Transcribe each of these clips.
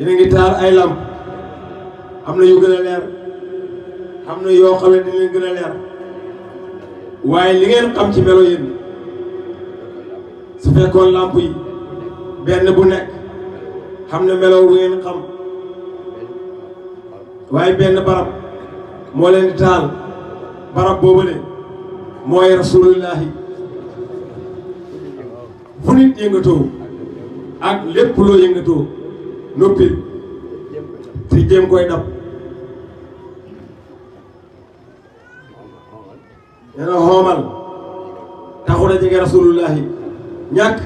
yéen a taal ay làmp am na yu gën a leer am na yoo xam ne dina gën a leer waaye li ngeen xam ci melo yéen su fekkoon làmp yi benn bu nekk xam na melo bu ngeen xam waaye benn barab moo leen di taal barab boobu de mooy fu nit yëngatoo ak lépp loo yëngatoo noppi ci jéem koy dab dana xoomal taxut a jege rasulullahi ñàkk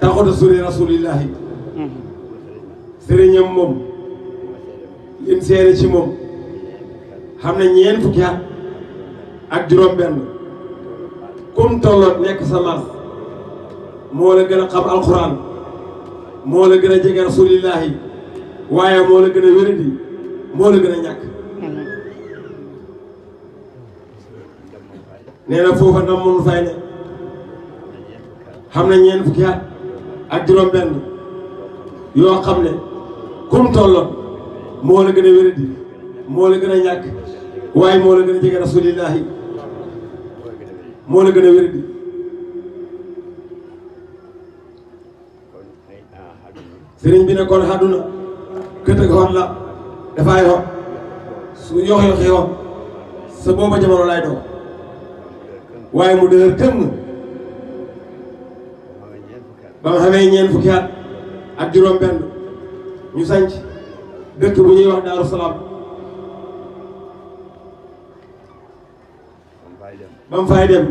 taxut a sori rasulillahi sëriñam moom lim seere ci moom xam ne ñeent fukki ak juróom-benn kum tolloot nekk sa mars moo la gën a xam alxuraan moo la gën a jege rasulillahi waaye moo la gën a wéradi moo la gën a ñàkk nee na foofa ndam mënu fay ne xam ne ñeen fukki at ak juróom benn yoo xam ne kum tolloon moo la gën a wéradi moo la gën a ñàkk waaye moo la gën a jege rasulillahi moo la gën a wéradi sëriñ bi ne kon xaduna këtëg xon la dafay su yox yoxi xon sa booba jamono lay dox waaye mu dëgër këmm ba mu ñeen fukki at ak juróom benn ñu sanc dëkk bu ñuy wax Daaru Salaam ba mu dem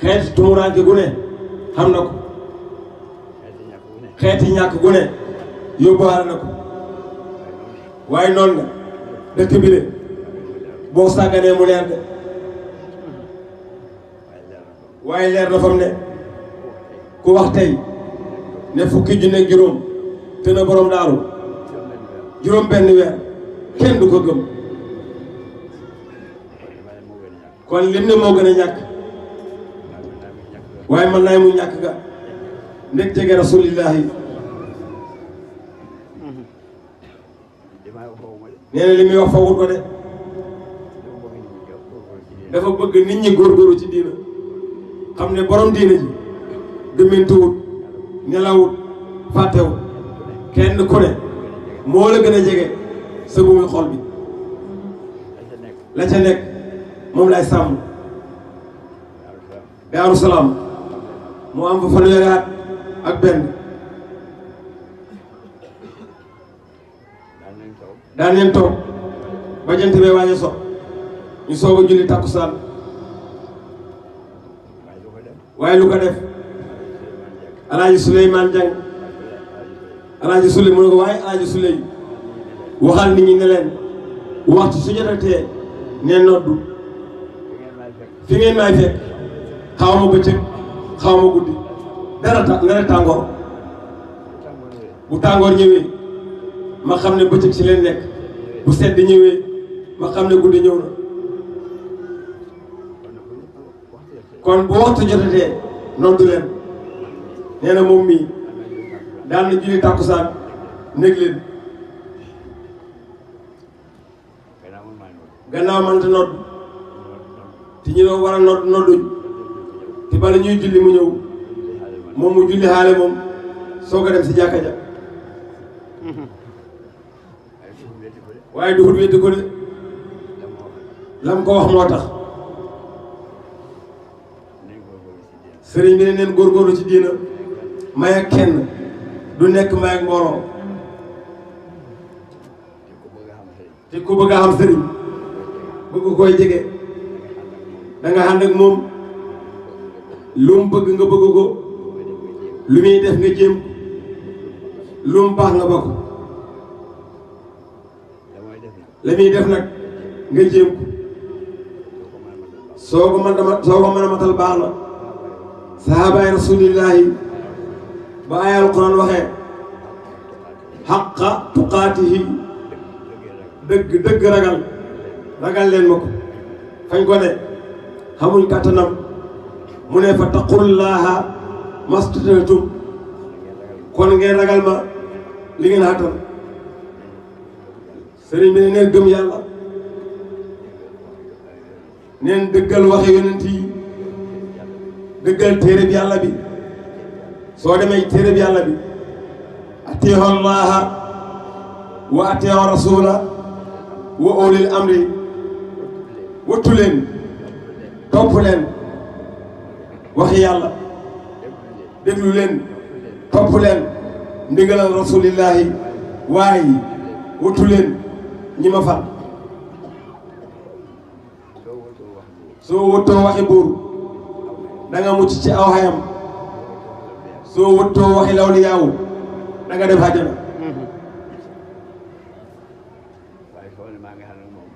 xeet tumuraanke gu ne na ko xeeti ñàkk gu ne yóbbaale na ko waaye noonu la dëkk bi de boo sàgganee mu leer de waaye leer na ne ku wax tey ne fukki junne juróom te na borom daaru juróom benn weer kenn du ko gëm kon lim ne moo gën a ñàkk waaye mën naa mu ñàkk ga mbégte gi rasulillahi nee na li muy wax fawut ko de dafa bëgg nit ñi góorgóorlu ci diina xam ne borom diina ji gëmmintuwut nelawut fàttewut kenn ku ne moo la gën a jege sa bu xol bi la ca nekk moom lay sàmm daaru salaam mu am fa fanweeri at ak benn daan leen toog ba jant bee waaj so ñu soog a julli takkusaan waaye lu ko def alaaji Souleymane Dieng alaaji Souley mu waaye alaaji Souley waxal nit ñi ne leen waxtu su jotatee ne noddu fi ngeen may fekk xaw ma bëccëg xaw ma guddi dara ta dara tàngoor bu tàngoor ñëwee ma xam ne bëccëg ci leen nekk bu sedd ñëwee ma xam ne guddi ñëw kon bu waxtu jotatee noddu leen nee na daan julli tàkkusaan néeg leen nodd te ñu war a nodd nodduñ te bala ñuy julli mu ñëw moom mu julli xaale moom soog a dem si jàkka ja waaye duxut weddi ko de lam ko wax moo tax sëriñ bi ne neen góorgóorlu ci diina may ak kenn du nekk may ak mbooloo te ku bëgg a sëriñ bëgg koy jege da nga ànd moom lu mu bëgg nga bëgg ko lu muy def nga jéem lu mu baax nga bokk la muy def nag nga jéem soo ko mën a soo ko mën a matal baax na sahabaay rasulillahi ba ay alquran waxee xaqa tuqaatihi dëgg dëgg ragal ragal leen ma ko fañ ko ne xamuñ kàttanam mu ne fa taqullaha mastuteetum kon ngeen ragal ma li ngeen xatoon sëriñ bi ne neen gëm yàlla neen dëggal waxe yonent yi dëggal téereb yàlla bi soo demee téereb yàlla bi atiixu allaha wa atiixu rasula wa ulil amri wattu leen topp waxi yàlla déglu leen topp leen ndigalal rasulillahi waaye wutu leen ñi ma fal soo wëttoo waxi buur da nga mucc ci aw xayam soo wëttoo waxi lawli yaawu da nga def àjjana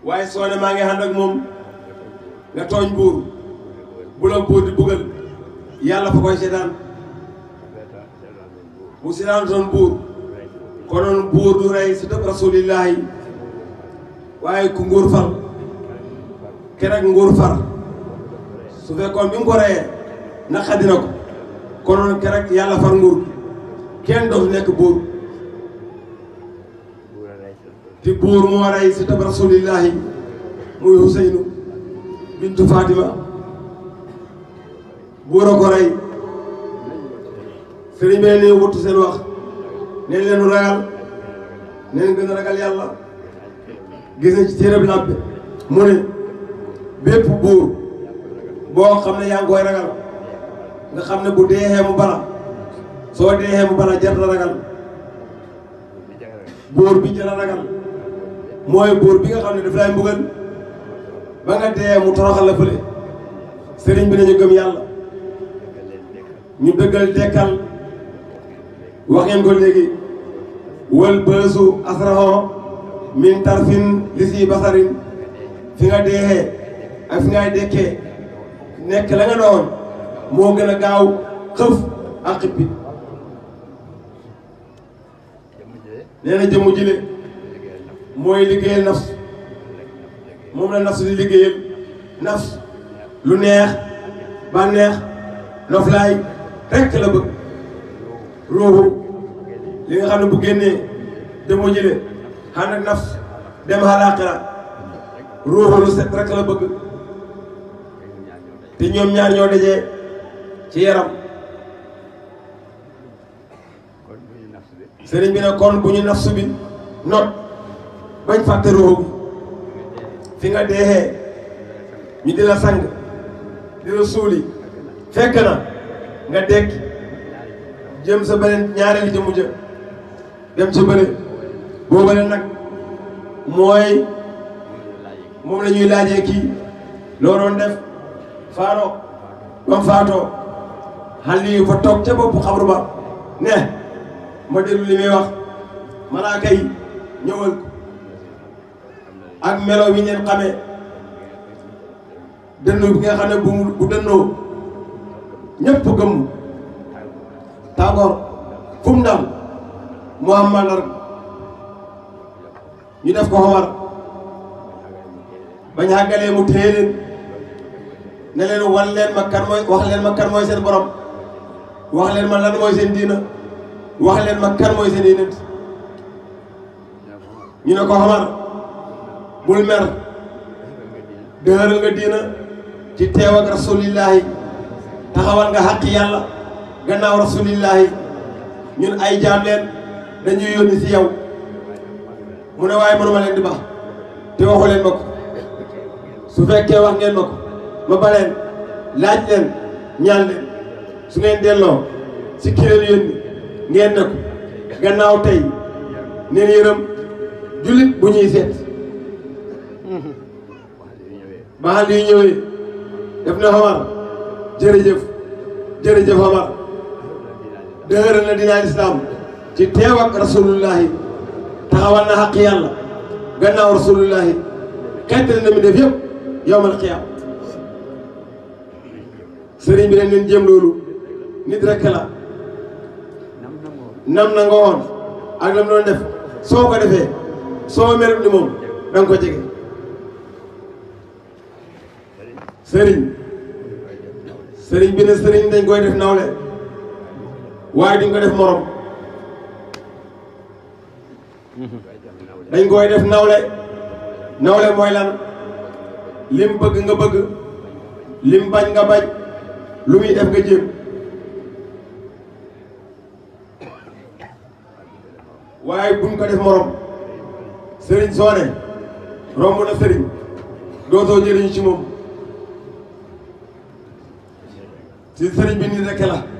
waaye soo ne maa moom nga tooñ buur bu di bugal yàlla fa seetaan موسيلان جون بور كونون بور دو راي سيدو رسول الله واي كونغور فار كراك نغور فار سو فيكون بيم كو راي نخادي نكو كونون كراك يالا فار نغور كين دوف نيك بور دي بور مو راي سيدو رسول الله موي حسين بنت فاطمه بورو كو راي sëriñ bi ne wut seen wax ne leen ragal ne leen gën ragal yàlla gis na ci téere bi ne bépp boo xam ne yaa ngi koy ne bu deexee mu bala soo deexee bi jar na ragal mooy bi nga xam ne daf mu toroxal gëm yàlla ñu dëggal dekkal wax ngeen ko léegi wal bësu asraho min tarfin li si fi nga deexee ak fi ngay dekkee nekk la nga doon moo gën a gaaw xëf ak xippi nee na mooy liggéeyal nafs moom la nafs di liggéeyal nafs lu neex bànneex noflaay rekk la bëgg ruuxu li nga xam ne bu génnee demoo jële xan ak dem xalaaxira ruuxu lu set rek la bëgg te ñoom ñaar ñoo dajee ci yaram sëriñ bi ne kon bu ñu nafsu bi not bañ fàtte ruuxu fi nga deexee ñu di la sang di la suuli fekk na nga dekki jëm sa beneen ñaareelu jëmu jë dem sa bëre boobale nag mooy moom la ñuy laajee kii loo doon def faatoo bam faatoo xal yi fa toog ca bopp xabru ba ne ma déglu li muy wax malaaka yi ñëwal ak melo bi ngeen xamee dënnu nga xam ne bu bu dënnoo ñëpp gëmm tàngoor kum dal mu am màndar ñu def ko xomar bañ àggalee mu téye leen ne leen wan ma kan mooy wax borom wax leen ma lan mooy seen diina wax leen ma kan mooy seen ñu ne ko xomar bul mer dëgëral nga diina ci teew ak taxawal nga xàq yàlla gannaaw rasulillahi ñun ay jaam leen dañuy yónni si yow mu ne waaye mënuma di baax te waxu leen su fekkee wax ngeen ma ma baleen laaj leen ñaan su ngeen delloo si kileen ngeen ne gannaaw tey neen yërëm jullit bu ñuy seet ba xal na xamar jërëjëf jërëjëf xamar dëgëral na dinaal islam ci teew ak rasulullahi taxawal na xaq yàlla rasulullahi xettali na mi def yëpp yowmal xiyaam sëriñ bi ne leen jëm loolu nit rek nam na nga woon ak soo ko soo merut ni moom da ko jege sëriñ sëriñ bi ne sëriñ dañ koy def nawle waaye duñ ko def morom dañ koy def nawle nawle mooy lim bëgg nga bëgg lim bañ nga bañ lu muy def nga jéem waaye buñ ko def morom sëriñ soone romb na sëriñ dootoo jëriñu ci moom si sëriñ bi nii rekk la